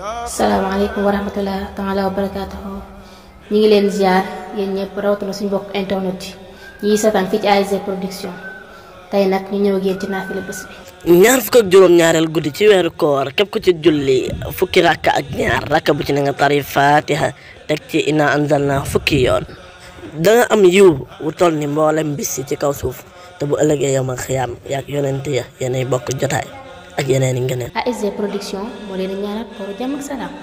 assalamualaikum warahmatullahi rahmatulah taala wa barakaatuhu ngi leen ziar yéen ñëpp rawatina suñu bokk internet yi satan fi ci ASG production tay nak ñu ñew géen ci naafila bëss bi ñaar fuk ak juroom ñaarel guddi ci weeru koor kep ku ci julli fukki rakk ak ñaar rakk bu ci nga tari fatiha tek ci ina anzalna fukki yoon da nga am yiw wu toll ni mbolam bis ci kaw suuf te bu ëlëgé yow ma xiyam yak yonent ya yene bokk jotaay ak yeneen i ngëneel. ASG production moo leen ñaanal kooru jàmm ak salaam.